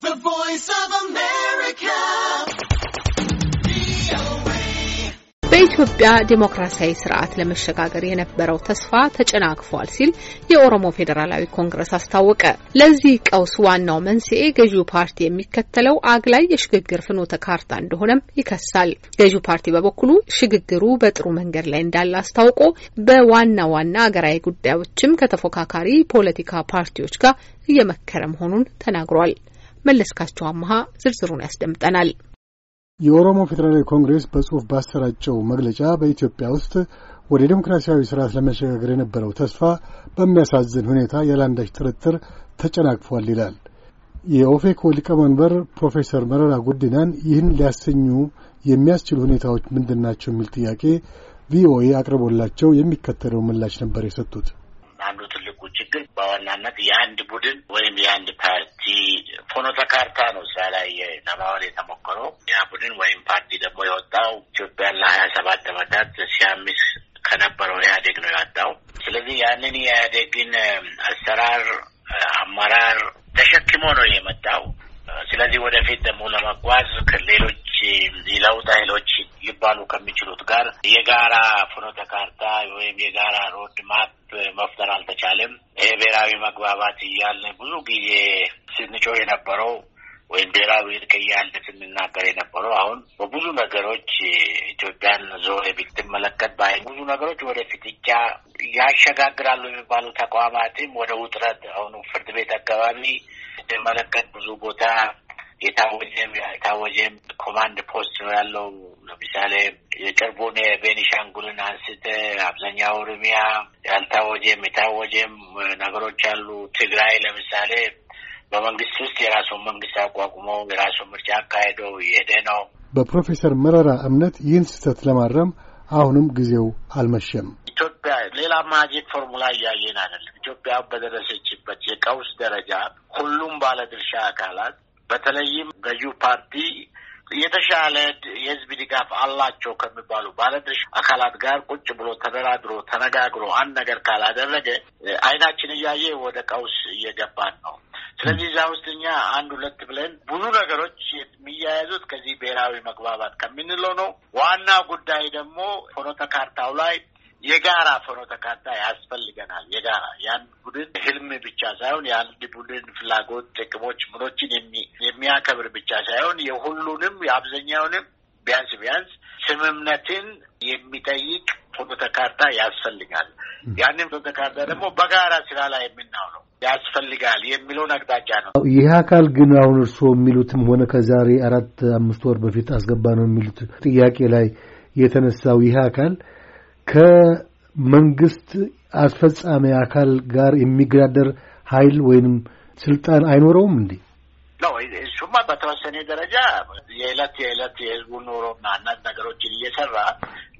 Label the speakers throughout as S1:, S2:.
S1: The Voice of America.
S2: በኢትዮጵያ ዴሞክራሲያዊ ስርዓት ለመሸጋገር የነበረው ተስፋ ተጨናግፏል ሲል የኦሮሞ ፌዴራላዊ ኮንግረስ አስታወቀ። ለዚህ ቀውስ ዋናው መንስኤ ገዢው ፓርቲ የሚከተለው አግላይ የሽግግር ፍኖተ ካርታ እንደሆነም ይከሳል። ገዢው ፓርቲ በበኩሉ ሽግግሩ በጥሩ መንገድ ላይ እንዳለ አስታውቆ በዋና ዋና አገራዊ ጉዳዮችም ከተፎካካሪ ፖለቲካ ፓርቲዎች ጋር እየመከረ መሆኑን ተናግሯል። መለስካቸው አመሃ ዝርዝሩን ያስደምጠናል።
S3: የኦሮሞ ፌዴራላዊ ኮንግሬስ በጽሑፍ ባሰራጨው መግለጫ በኢትዮጵያ ውስጥ ወደ ዴሞክራሲያዊ ስርዓት ለመሸጋገር የነበረው ተስፋ በሚያሳዝን ሁኔታ ያለአንዳች ጥርጥር ተጨናቅፏል ይላል። የኦፌኮ ሊቀመንበር ፕሮፌሰር መረራ ጉዲናን ይህን ሊያሰኙ የሚያስችሉ ሁኔታዎች ምንድን ናቸው የሚል ጥያቄ ቪኦኤ አቅርቦላቸው የሚከተለው ምላሽ ነበር የሰጡት።
S2: አንዱ ትልቁ ችግር በዋናነት የአንድ ቡድን ወይም የአንድ ፓርቲ ፍኖተ ካርታ ነው እዛ ላይ ለማዋል የተሞከረው። ያ ቡድን ወይም ፓርቲ ደግሞ የወጣው ኢትዮጵያን ለሀያ ሰባት ዓመታት ሲያምስ ከነበረው ኢህአዴግ ነው የወጣው። ስለዚህ ያንን የኢህአዴግን አሰራር አመራር ተሸክሞ ነው የመጣው። ስለዚህ ወደፊት ደግሞ ለመጓዝ ሌሎች ለውጥ ኃይሎች ሊባሉ ከሚችሉት ጋር የጋራ ፍኖተ ካርታ ወይም የጋራ ሮድ ማፕ መፍጠር አልተቻለም። ይሄ ብሔራዊ መግባባት እያለ ብዙ ጊዜ ስንጮህ የነበረው ወይም ብሔራዊ እርቅ እያለ ስንናገር የነበረው አሁን በብዙ ነገሮች ኢትዮጵያን ዞር ብትመለከት ባይ ብዙ ነገሮች ወደ ፍጥጫ ያሸጋግራሉ የሚባሉ ተቋማትም ወደ ውጥረት አሁኑ ፍርድ ቤት አካባቢ ስትመለከት ብዙ ቦታ የታወጀም ያልታወጀም ኮማንድ ፖስት ነው ያለው። ለምሳሌ የቅርቡን የቤኒሻንጉልን አንስተ አብዛኛው ኦሮሚያ ያልታወጀም የታወጀም ነገሮች አሉ። ትግራይ ለምሳሌ በመንግስት ውስጥ የራሱን መንግስት አቋቁሞ የራሱን ምርጫ አካሄዶ የሄደ ነው።
S3: በፕሮፌሰር መረራ እምነት ይህን ስህተት ለማረም አሁንም ጊዜው አልመሸም።
S2: ኢትዮጵያ ሌላ ማጂክ ፎርሙላ እያየን አይደለም። ኢትዮጵያ በደረሰችበት የቀውስ ደረጃ ሁሉም ባለድርሻ አካላት በተለይም ገዢው ፓርቲ የተሻለ የህዝብ ድጋፍ አላቸው ከሚባሉ ባለድርሻ አካላት ጋር ቁጭ ብሎ ተደራድሮ ተነጋግሮ አንድ ነገር ካላደረገ አይናችን እያየ ወደ ቀውስ እየገባን ነው። ስለዚህ እዛ ውስጥ እኛ አንድ ሁለት ብለን ብዙ ነገሮች የሚያያዙት ከዚህ ብሔራዊ መግባባት ከምንለው ነው። ዋና ጉዳይ ደግሞ ፍኖተ ካርታው ላይ የጋራ ፍኖተ ካርታ ያስፈልገናል። የጋራ የአንድ ቡድን ህልም ብቻ ሳይሆን የአንድ ቡድን ፍላጎት፣ ጥቅሞች፣ ምኖችን የሚያከብር ብቻ ሳይሆን የሁሉንም የአብዛኛውንም ቢያንስ ቢያንስ ስምምነትን የሚጠይቅ ፍኖተ ካርታ ያስፈልጋል። ያንን ፍኖተ
S4: ካርታ ደግሞ በጋራ ስራ ላይ የምናውለው ያስፈልጋል የሚለውን አቅጣጫ ነው። ይህ አካል ግን አሁን እርስዎ የሚሉትም ሆነ ከዛሬ አራት አምስት ወር በፊት አስገባ ነው የሚሉት ጥያቄ ላይ የተነሳው ይህ አካል ከመንግስት አስፈጻሚ አካል ጋር የሚገዳደር ኃይል ወይንም ስልጣን አይኖረውም እንዴ?
S2: እሱማ በተወሰነ ደረጃ የዕለት የዕለት የህዝቡ ኑሮና አንዳንድ ነገሮችን እየሰራ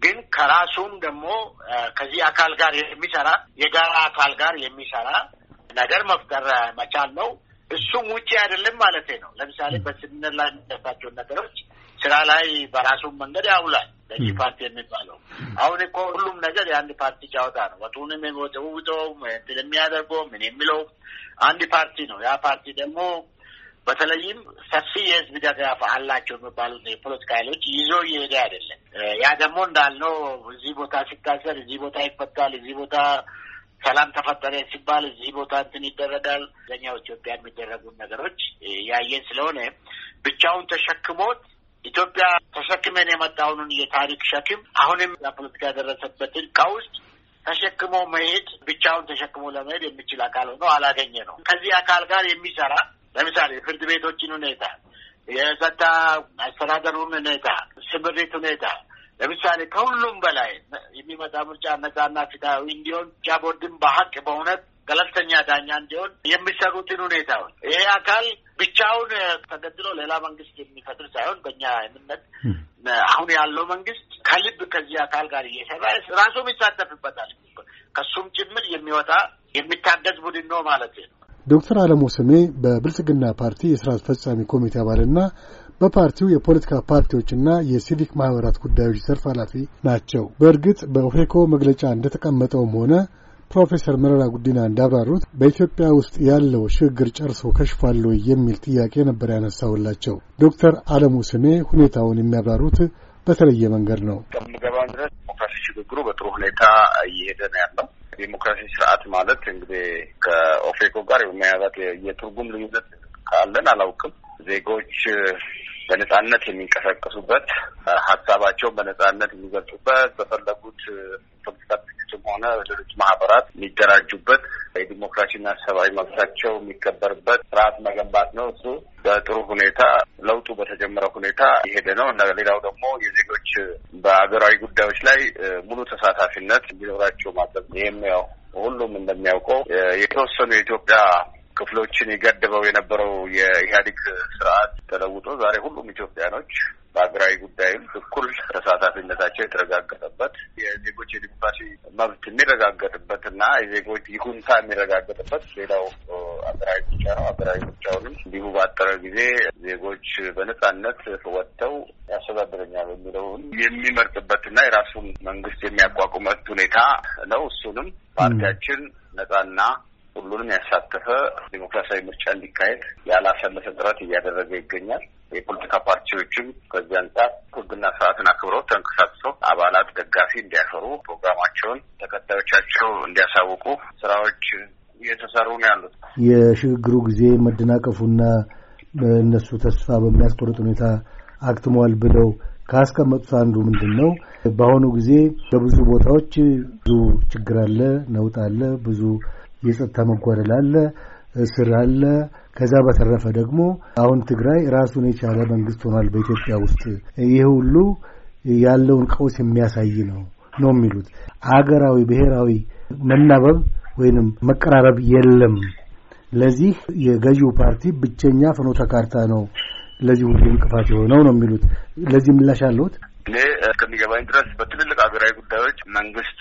S2: ግን ከራሱም ደግሞ ከዚህ አካል ጋር የሚሰራ የጋራ አካል ጋር የሚሰራ ነገር መፍጠር መቻል ነው። እሱም ውጪ አይደለም ማለት ነው። ለምሳሌ በስምምነት ላይ የሚነሳቸውን ነገሮች ስራ ላይ በራሱን መንገድ ያውላል። ለዚህ ፓርቲ የሚባለው አሁን እኮ ሁሉም ነገር የአንድ ፓርቲ ጫወታ ነው። ወጡንም የሚወጠውጠውም እንትን የሚያደርገው ምን የሚለው አንድ ፓርቲ ነው። ያ ፓርቲ ደግሞ በተለይም ሰፊ የህዝብ ደጋፍ አላቸው የሚባሉት የፖለቲካ ኃይሎች ይዞ እየሄደ አይደለም። ያ ደግሞ እንዳልነው እዚህ ቦታ ሲታሰር፣ እዚህ ቦታ ይፈታል፣ እዚህ ቦታ ሰላም ተፈጠረ ሲባል እዚህ ቦታ እንትን ይደረጋል። አብዛኛው ኢትዮጵያ የሚደረጉ ነገሮች ያየን ስለሆነ ብቻውን ተሸክሞት ኢትዮጵያ ተሸክመን የመጣውን የታሪክ ሸክም አሁንም ፖለቲካ ያደረሰበትን ከውስጥ ተሸክሞ መሄድ ብቻውን ተሸክሞ ለመሄድ የሚችል አካል ሆኖ አላገኘ ነው። ከዚህ አካል ጋር የሚሰራ ለምሳሌ የፍርድ ቤቶችን ሁኔታ፣ የጸጥታ አስተዳደሩን ሁኔታ፣ ስምሪት ሁኔታ ለምሳሌ ከሁሉም በላይ የሚመጣ ምርጫ ነፃና ፊታዊ እንዲሆን ምርጫ ቦርድን በሀቅ በእውነት ገለልተኛ ዳኛ እንዲሆን የሚሰሩትን ሁኔታዎች ይሄ አካል ብቻውን ተገድሎ ሌላ መንግስት የሚፈጥር ሳይሆን በእኛ እምነት አሁን ያለው መንግስት ከልብ ከዚህ አካል ጋር እየሰራ ራሱም ይሳተፍበታል። ከሱም ጭምር የሚወጣ የሚታገዝ ቡድን
S3: ነው ማለት ነው። ዶክተር አለሙ ስሜ በብልጽግና ፓርቲ የሥራ አስፈጻሚ ኮሚቴ አባልና በፓርቲው የፖለቲካ ፓርቲዎችና የሲቪክ ማኅበራት ጉዳዮች ዘርፍ ኃላፊ ናቸው። በእርግጥ በኦፌኮ መግለጫ እንደተቀመጠውም ሆነ ፕሮፌሰር መረራ ጉዲና እንዳብራሩት በኢትዮጵያ ውስጥ ያለው ሽግግር ጨርሶ ከሽፏል ወይ የሚል ጥያቄ ነበር ያነሳውላቸው ዶክተር አለሙ ስሜ ሁኔታውን የሚያብራሩት በተለየ መንገድ ነው።
S1: ከምንገባን ድረስ ዲሞክራሲ ሽግግሩ በጥሩ ሁኔታ እየሄደ ነው ያለው ዴሞክራሲ ስርዓት ማለት እንግዲህ ከኦፌኮ ጋር የሚያዛት የትርጉም ልዩነት ካለን አላውቅም። ዜጎች በነጻነት የሚንቀሳቀሱበት ሀሳባቸውን በነጻነት የሚገልጹበት በፈለጉት ፖለቲካ ድርጅትም ሆነ ሌሎች ማህበራት የሚደራጁበት የዲሞክራሲና ሰብአዊ መብታቸው የሚከበርበት ስርዓት መገንባት ነው። እሱ በጥሩ ሁኔታ ለውጡ በተጀመረ ሁኔታ የሄደ ነው እና ሌላው ደግሞ የዜጎች በሀገራዊ ጉዳዮች ላይ ሙሉ ተሳታፊነት እንዲኖራቸው ማድረግ ይህም ያው ሁሉም እንደሚያውቀው የተወሰኑ የኢትዮጵያ ክፍሎችን የገደበው የነበረው የኢህአዴግ ስርዓት ተለውጦ ዛሬ ሁሉም ኢትዮጵያኖች በሀገራዊ ጉዳይም እኩል ተሳታፊነታቸው የተረጋገጠበት የዜጎች የዲሞክራሲ መብት የሚረጋገጥበት እና የዜጎች ይሁንታ የሚረጋገጥበት ሌላው ሀገራዊ ምርጫ ነው። ሀገራዊ ምርጫውንም እንዲሁ ባጠረ ጊዜ ዜጎች በነጻነት ወጥተው ያስተዳድረኛል የሚለውን የሚመርጥበትና የራሱን መንግስት የሚያቋቁመት ሁኔታ ነው። እሱንም
S3: ፓርቲያችን
S1: ነጻና ሁሉንም ያሳተፈ ዴሞክራሲያዊ ምርጫ እንዲካሄድ ያላሰለሰ ጥረት እያደረገ ይገኛል። የፖለቲካ ፓርቲዎችም ከዚህ አንጻር ሕግና ስርዓትን አክብረው ተንቀሳቅሰው አባላት ደጋፊ እንዲያፈሩ ፕሮግራማቸውን ተከታዮቻቸው እንዲያሳውቁ ስራዎች
S4: እየተሰሩ ነው ያሉት። የሽግግሩ ጊዜ መደናቀፉና እነሱ ተስፋ በሚያስቆርጥ ሁኔታ አክትመዋል ብለው ካስቀመጡት አንዱ ምንድን ነው? በአሁኑ ጊዜ በብዙ ቦታዎች ብዙ ችግር አለ፣ ነውጥ አለ፣ ብዙ የጸጥታ መጓደል አለ፣ እስር አለ። ከዛ በተረፈ ደግሞ አሁን ትግራይ ራሱን የቻለ መንግስት ሆኗል በኢትዮጵያ ውስጥ። ይህ ሁሉ ያለውን ቀውስ የሚያሳይ ነው ነው የሚሉት አገራዊ ብሔራዊ መናበብ ወይንም መቀራረብ የለም። ለዚህ የገዢው ፓርቲ ብቸኛ ፍኖተ ካርታ ነው ለዚህ ሁሉ እንቅፋት የሆነው ነው የሚሉት። ለዚህ ምላሽ አለሁት
S1: እኔ እስከሚገባኝ ድረስ በትልልቅ ሀገራዊ ጉዳዮች መንግስት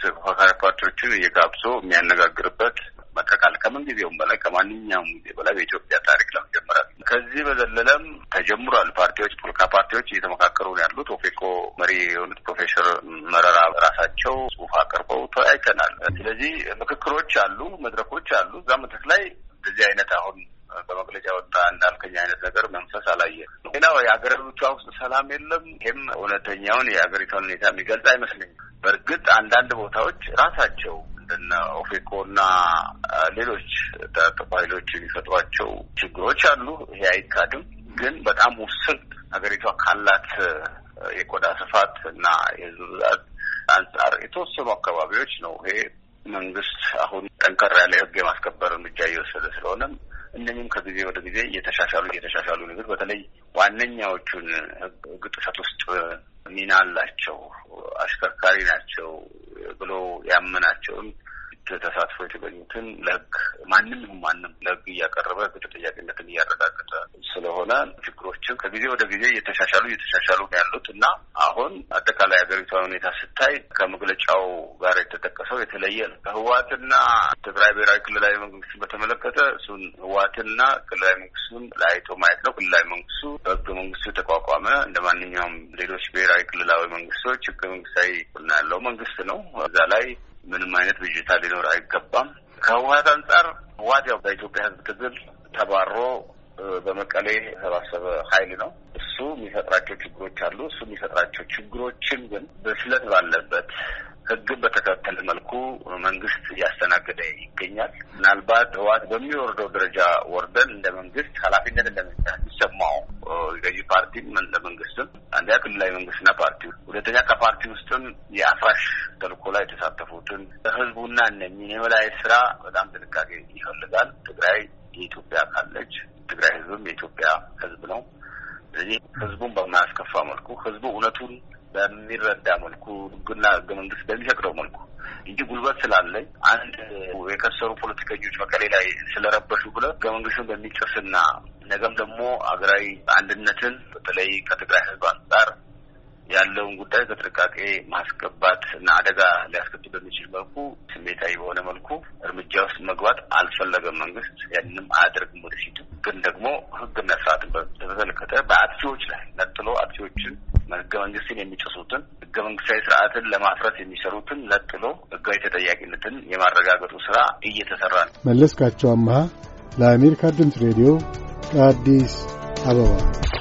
S1: ፓርቲዎችን እየጋብዞ የሚያነጋግርበት መቀቃል ከምን ጊዜውም በላይ ከማንኛውም ጊዜ በላይ በኢትዮጵያ ታሪክ ለመጀመሪያ ከዚህ በዘለለም ተጀምሯል። ፓርቲዎች ፖለቲካ ፓርቲዎች እየተመካከሩ ነው ያሉት። ኦፌኮ መሪ የሆኑት ፕሮፌሰር መረራ ራሳቸው ጽሁፍ አቅርበው ተወያይተናል። ስለዚህ ምክክሮች አሉ፣ መድረኮች አሉ። እዛ መድረክ ላይ እንደዚህ አይነት አሁን በመግለጫ ወጣ እንዳልከኝ አይነት ነገር መንፈስ አላየ። ሌላው የሀገሪቷ ውስጥ ሰላም የለም። ይህም እውነተኛውን የሀገሪቷን ሁኔታ የሚገልጽ አይመስለኝም። በእርግጥ አንዳንድ ቦታዎች ራሳቸው እንደነ ኦፌኮ እና ሌሎች ታጠቁ ኃይሎች የሚፈጥሯቸው ችግሮች አሉ። ይሄ አይካድም። ግን በጣም ውስን ሀገሪቷ ካላት የቆዳ ስፋት እና የህዝብ ብዛት አንጻር የተወሰኑ አካባቢዎች ነው። ይሄ መንግስት አሁን ጠንከር ያለ ህግ የማስከበር እርምጃ እየወሰደ ስለሆነም እነኝም ከጊዜ ወደ ጊዜ እየተሻሻሉ እየተሻሻሉ ነገር በተለይ ዋነኛዎቹን ህግ ጥሰት ውስጥ ሚና አላቸው፣ አሽከርካሪ ናቸው፣ ብሎ ያመናቸውን ተሳትፎ የተገኙትን ለህግ ማንም ማንም ለህግ እያቀረበ ግጭ ጥያቄነትን እያረጋገጠ ስለሆነ ችግሮችም ከጊዜ ወደ ጊዜ እየተሻሻሉ እየተሻሻሉ ነው ያሉት እና አሁን አጠቃላይ ሀገሪቷ ሁኔታ ስታይ ከመግለጫው ጋር የተጠቀሰው የተለየ ነው። ከህወሓትና ትግራይ ብሔራዊ ክልላዊ መንግስትን በተመለከተ እሱን ህወሓትና ክልላዊ መንግስቱን ለአይቶ ማየት ነው። ክልላዊ መንግስቱ በህገ መንግስቱ የተቋቋመ እንደ ማንኛውም ሌሎች ብሔራዊ ክልላዊ መንግስቶች ህገ መንግስታዊ ቁና ያለው መንግስት ነው። እዛ ላይ ምንም አይነት ብዥታ ሊኖር አይገባም። ከህወሓት አንጻር ህወሓት ያው በኢትዮጵያ ህዝብ ትግል ተባሮ በመቀሌ የተሰባሰበ ኃይል ነው። እሱ የሚፈጥራቸው ችግሮች አሉ። እሱ የሚፈጥራቸው ችግሮችን ግን ብስለት ባለበት ሕግን በተከተለ መልኩ መንግስት እያስተናገደ ይገኛል። ምናልባት ህወሓት በሚወርደው ደረጃ ወርደን እንደ መንግስት ኃላፊነት እንደሚሰማው ገዢ ፓርቲም እንደ መንግስትም አንደኛ ክልላዊ መንግስትና ፓርቲ፣ ሁለተኛ ከፓርቲ ውስጥም የአፍራሽ ተልኮ ላይ የተሳተፉትን ህዝቡና እነኚህ የበላይ ስራ በጣም ጥንቃቄ ይፈልጋል። ትግራይ የኢትዮጵያ አካለች። ትግራይ ህዝብም የኢትዮጵያ ህዝብ ነው። ስለዚህ ህዝቡን በማያስከፋ መልኩ ህዝቡ እውነቱን በሚረዳ መልኩ ህግና ህገ መንግስት በሚፈቅደው መልኩ እንጂ ጉልበት ስላለኝ አንድ የከሰሩ ፖለቲከኞች መቀሌ ላይ ስለረበሹ ብለ ህገ መንግስቱን በሚጥስና ነገም ደግሞ ሀገራዊ አንድነትን በተለይ ከትግራይ ህዝብ አንጻር ያለውን ጉዳይ በጥንቃቄ ማስገባት እና አደጋ ሊያስከትል በሚችል መልኩ ስሜታዊ በሆነ መልኩ እርምጃ ውስጥ መግባት አልፈለገም መንግስት። ያንንም አያደርግም ወደፊቱ። ግን ደግሞ ህግና ስርዓትን በተመለከተ በአጥፊዎች ላይ ነጥሎ አጥፊዎችን ህገ መንግስትን የሚጥሱትን ህገ መንግስታዊ ስርዓትን ለማፍረስ የሚሰሩትን ነጥሎ ህጋዊ ተጠያቂነትን የማረጋገጡ ስራ እየተሰራ
S3: ነው። መለስካቸው አመሀ ለአሜሪካ ድምፅ ሬዲዮ ከአዲስ አበባ